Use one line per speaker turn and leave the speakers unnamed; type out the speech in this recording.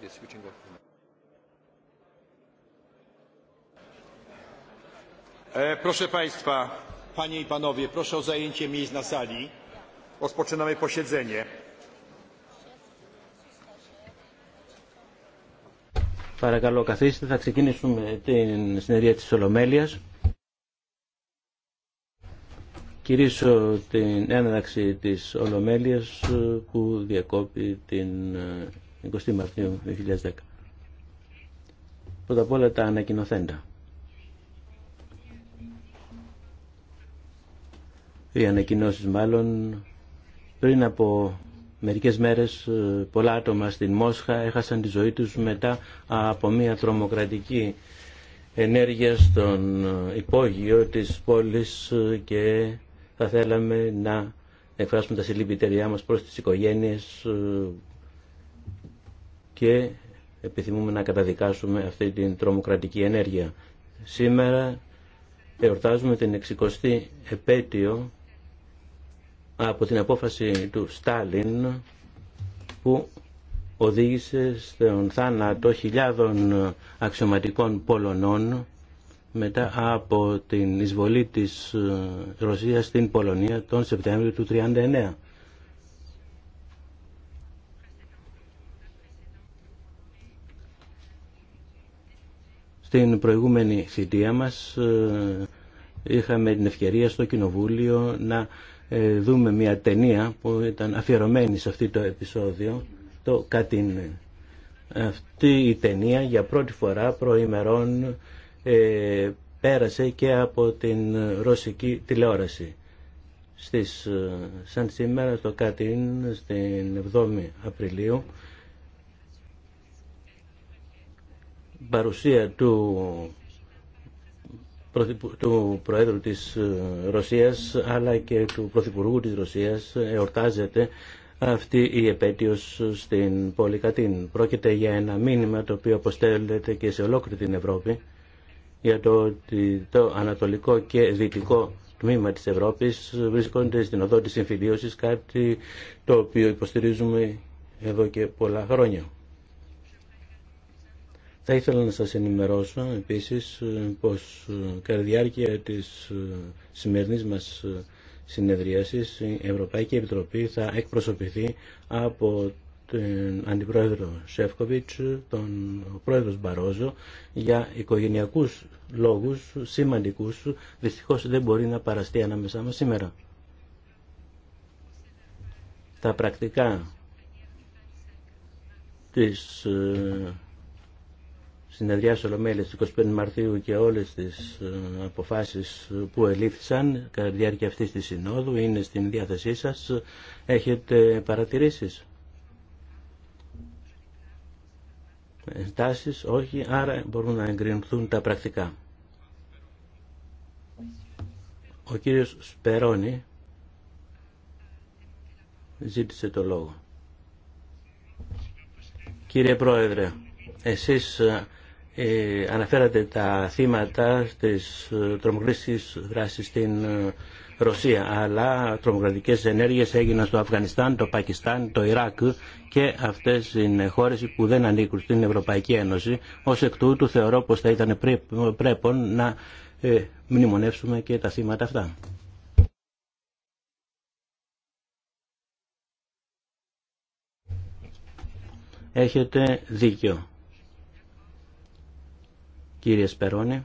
the switching off. E, proszę Państwa, Panie i Panowie, proszę o zajęcie miejsc na sali. Rozpoczynamy posiedzenie. Παρακαλώ καθίστε, θα ξεκινήσουμε την συνεδρία της Ολομέλειας. Κυρίσω την έναρξη της Ολομέλειας που διακόπτει την ε, 20 Μαρτίου 2010. Πρώτα απ' όλα τα ανακοινοθέντα. Οι ανακοινώσεις μάλλον πριν από μερικές μέρες ε, πολλά άτομα στην Μόσχα έχασαν τη ζωή τους μετά από μια τρομοκρατική ενέργεια στον ε, υπόγειο της πόλης ε, και θα θέλαμε να εκφράσουμε τα συλληπιτεριά μας προς τις οικογένειες και επιθυμούμε να καταδικάσουμε αυτή την τρομοκρατική ενέργεια. Σήμερα εορτάζουμε την 60η επέτειο από την απόφαση του Στάλιν που οδήγησε στον θάνατο χιλιάδων αξιωματικών Πολωνών μετά από την εισβολή της Ρωσίας στην Πολωνία τον Σεπτέμβριο του 1939. Στην προηγούμενη θητεία μας ε, είχαμε την ευκαιρία στο Κοινοβούλιο να ε, δούμε μια ταινία που ήταν αφιερωμένη σε αυτό το επεισόδιο, το Κατίν. Αυτή η ταινία για πρώτη φορά προημερών ε, πέρασε και από την ρωσική τηλεόραση. Στις, σαν σήμερα το Κατίν, στην 7η Απριλίου, παρουσία του, του Προέδρου της ε, Ρωσίας αλλά και του Πρωθυπουργού της Ρωσίας εορτάζεται αυτή η επέτειος στην πόλη Κατίν. Πρόκειται για ένα μήνυμα το οποίο αποστέλλεται και σε ολόκληρη την Ευρώπη για το ότι το ανατολικό και δυτικό τμήμα της Ευρώπης βρίσκονται στην οδό της συμφιλίωσης, κάτι το οποίο υποστηρίζουμε εδώ και πολλά χρόνια. Θα ήθελα να σας ενημερώσω επίσης ε, πως ε, κατά διάρκεια της ε, σημερινής μας συνεδρίασης η Ευρωπαϊκή Επιτροπή θα εκπροσωπηθεί από τον Αντιπρόεδρο Σεύκοβιτς, τον Πρόεδρο Μπαρόζο για οικογενειακούς λόγους σημαντικούς. Δυστυχώς δεν μπορεί να παραστεί ανάμεσά μας σήμερα. Τα πρακτικά της συνεδριά ολομέλειας 25 Μαρτίου και όλες τις ε, αποφάσεις που ελήφθησαν κατά τη διάρκεια αυτής της συνόδου είναι στην διάθεσή σας. Έχετε παρατηρήσεις. εντάσεις, όχι, άρα μπορούν να εγκρινθούν τα πρακτικά. Ο κύριος Σπερώνη ζήτησε το λόγο. Κύριε Πρόεδρε, εσείς ε, αναφέρατε τα θύματα της ε, τρομοκρατικής δράσης στην ε, Ρωσία, αλλά τρομοκρατικές ενέργειες έγιναν στο Αφγανιστάν, το Πακιστάν, το Ιράκ και αυτές είναι χώρες που δεν ανήκουν στην Ευρωπαϊκή Ένωση. Ως εκ τούτου θεωρώ πως θα ήταν πρέπον να μνημονεύσουμε και τα θύματα αυτά. Έχετε δίκιο κύριε Σπερώνη.